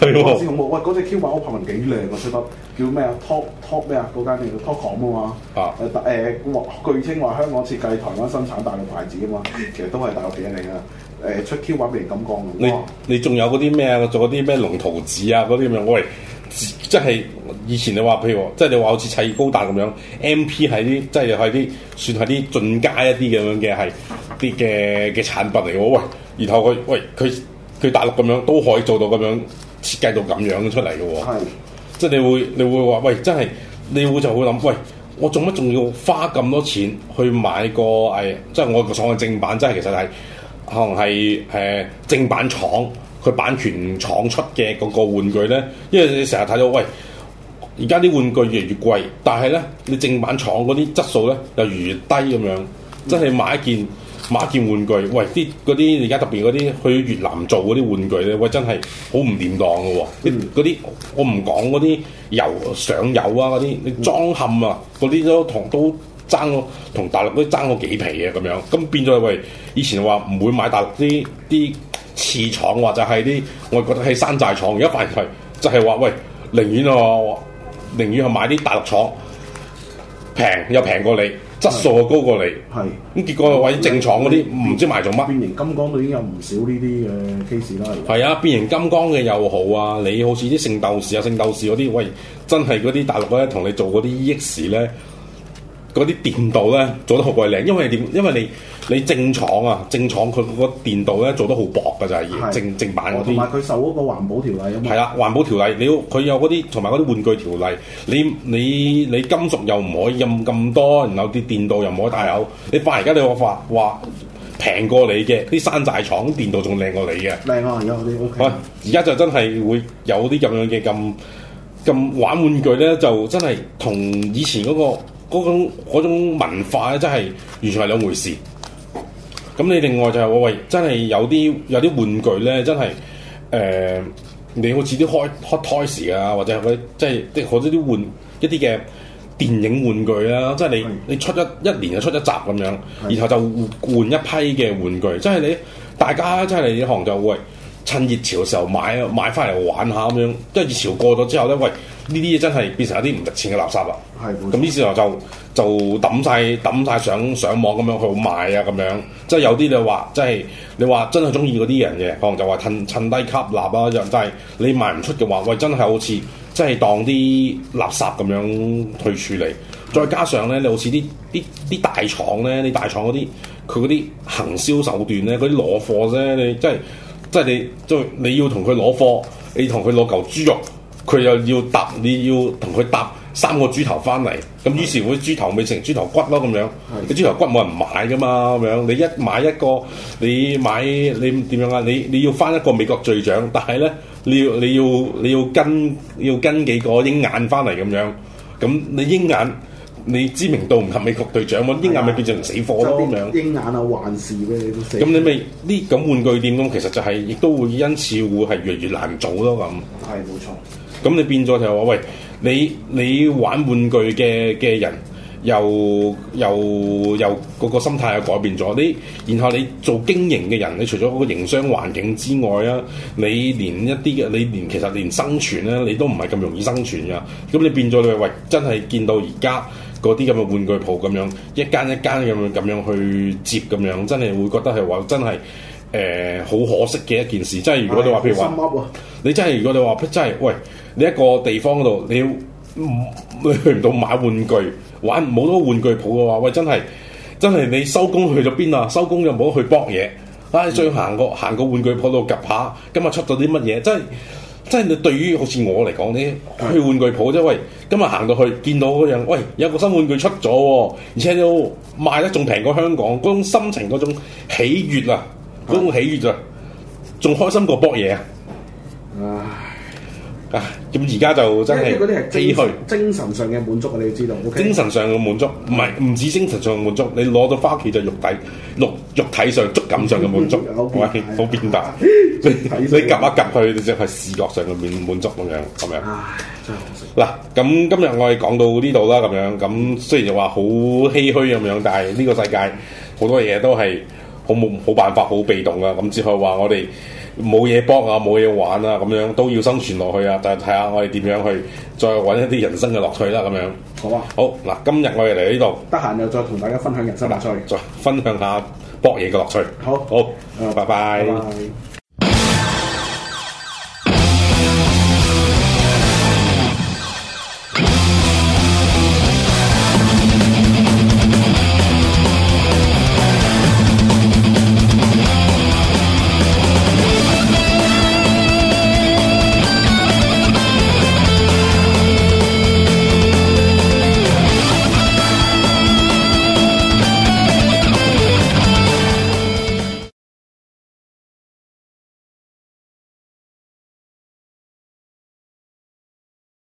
係喎先恐怖！喂，嗰、那、隻、個、Q 版我拍朋幾靚啊，出得叫咩啊？Top Top 咩啊？嗰間店叫 Topcom 啊嘛，啊誒誒，據稱話香港設計、台灣生產、大陸牌子啊嘛，其實都係大陸嘢嚟噶，誒、呃、出 Q 版未咁光嘅。你你仲有嗰啲咩啊？做嗰啲咩龍圖紙啊？嗰啲咁樣喂。即係以前你話，譬如即係你話好似砌高達咁樣，MP 係啲即係係啲算係啲進階一啲咁樣嘅係啲嘅嘅產品嚟喎。喂，然後佢喂佢佢大陸咁樣都可以做到咁樣設計到咁樣出嚟嘅喎。即係係，你會你會話喂，真係你會就會諗，喂，我做乜仲要花咁多錢去買個誒？即、哎、係我個廠係正版，即係其實係可能係誒、呃、正版廠。佢版權廠出嘅嗰個玩具咧，因為你成日睇到喂，而家啲玩具越嚟越貴，但係咧你正版廠嗰啲質素咧就越越低咁樣，真係買一件買一件玩具，喂啲嗰啲而家特別嗰啲去越南做嗰啲玩具咧，喂真係好唔掂當嘅喎，嗰啲、嗯、我唔講嗰啲油上油啊嗰啲，你裝嵌啊嗰啲都同都爭同大陸都爭過幾皮啊。咁樣，咁變咗喂，以前話唔會買大陸啲啲。次廠或者係啲，我覺得係山寨廠。而家發現就係話，喂，寧願我寧願去買啲大陸廠，平又平過你，質素又高過你。係。咁結果或者以正廠嗰啲，唔為知賣做乜。變形金剛都已經有唔少呢啲嘅 case 啦。係啊，變形金剛嘅又好啊，你好似啲聖鬥士啊、聖鬥士嗰啲，喂，真係嗰啲大陸咧，同你做嗰啲 EX 咧。嗰啲電鍍咧做得好鬼靚，因為點？因為你你正廠啊，正廠佢嗰個電鍍咧做得好薄嘅就係正正版嗰啲，同埋佢受嗰個環保條例啊嘛。係啦，環保條例，你佢有嗰啲，同埋嗰啲玩具條例，你你你，你金屬又唔可以任咁多，然後啲電鍍又唔可以太厚。嗯、你發而家你我發話平過你嘅啲山寨廠電鍍仲靚過你嘅，靚啊有啲喂，而、okay、家就真係會有啲咁樣嘅咁咁玩玩具咧，就真係同以前嗰、嗰個。嗰種嗰種文化咧，真係完全係兩回事。咁你另外就係、是、我喂，真係有啲有啲玩具咧，真係誒、呃，你好似啲 Hot Toys 啊，或者係佢即係啲好多啲換一啲嘅電影玩具啦、啊，即係你你出一一年就出一集咁樣，然後就換一批嘅玩具，即係你大家即係你行就喂趁熱潮嘅時候買買翻嚟玩下咁樣，即係熱潮過咗之後咧喂。呢啲嘢真係變成一啲唔值錢嘅垃圾啦。係，咁於是就就抌晒、抌晒、上上網咁樣去賣啊咁樣。即係有啲你話，即係你話真係中意嗰啲人嘅，可能就話趁趁低吸納啊。就真係你賣唔出嘅話，喂，真係好似真係當啲垃圾咁樣去處理。再加上咧，你好似啲啲啲大廠咧，你大廠嗰啲佢嗰啲行銷手段咧，嗰啲攞貨啫。你即係即係你，即係你要同佢攞貨，你同佢攞嚿豬肉。佢又要搭，你要同佢搭三個豬頭翻嚟，咁於是會豬頭未成豬頭骨咯咁樣。你豬頭骨冇人買噶嘛咁樣，你一買一個，你買你點樣啊？你你要翻一個美國隊長，但係咧你要你要你要跟要跟幾個鷹眼翻嚟咁樣，咁你鷹眼你知名度唔及美國隊長，鷹眼咪變成死貨咯咁樣。鷹眼啊，還係畀你都死。咁你咪呢咁玩具店咁，其實就係亦都會因此會係越嚟越難做咯咁。係冇錯。咁你變咗就係話，喂，你你玩玩具嘅嘅人又，又又又嗰個心態又改變咗。你然後你做經營嘅人，你除咗個營商環境之外啊，你連一啲嘅，你連其實連生存咧，你都唔係咁容易生存噶。咁你變咗你話，喂，真係見到而家嗰啲咁嘅玩具鋪咁樣，一間一間咁樣咁樣去接咁樣，真係會覺得係話真係。誒，好、呃、可惜嘅一件事，即係如果你話、哎、譬如話，嗯、你真係如果你話，真係喂，你一個地方度，你唔你去唔到買玩具，玩唔冇多玩具鋪嘅話，喂，真係真係你收工去咗邊啊？收工又冇得去撲嘢，唉、啊，最行個行個玩具鋪度 𥄫 下，今日出咗啲乜嘢？真係真係你對於好似我嚟講咧，去玩具鋪啫，喂，今日行到去見到嗰樣，喂，有個新玩具出咗、哦，而且又賣得仲平過香港，嗰種心情嗰種喜悅啊！好喜悅咋，仲開心過扑嘢啊！唉，啊，咁而家就真係啲係唏噓，精神上嘅滿足啊，你知道？精神上嘅滿足，唔係唔止精神上嘅滿足，你攞到返屋企，就肉體，肉肉體上觸感上嘅滿足，喂，好變大。所以 𥁐 一 𥁐 佢，就係視覺上嘅滿滿足咁樣，咁樣。唉，真係嗱，咁今日我哋講到呢度啦，咁樣。咁雖然就話好唏噓咁樣，但係呢個世界好多嘢都係。好冇冇辦法好被動啊！咁只可以話我哋冇嘢博啊，冇嘢玩啊，咁樣都要生存落去啊！但係睇下我哋點樣去再揾一啲人生嘅樂趣啦！咁樣好啊吧！好嗱，今日我哋嚟呢度，得閒又再同大家分享人生樂趣，再分享下博嘢嘅樂趣。好，好，拜拜。拜拜拜拜。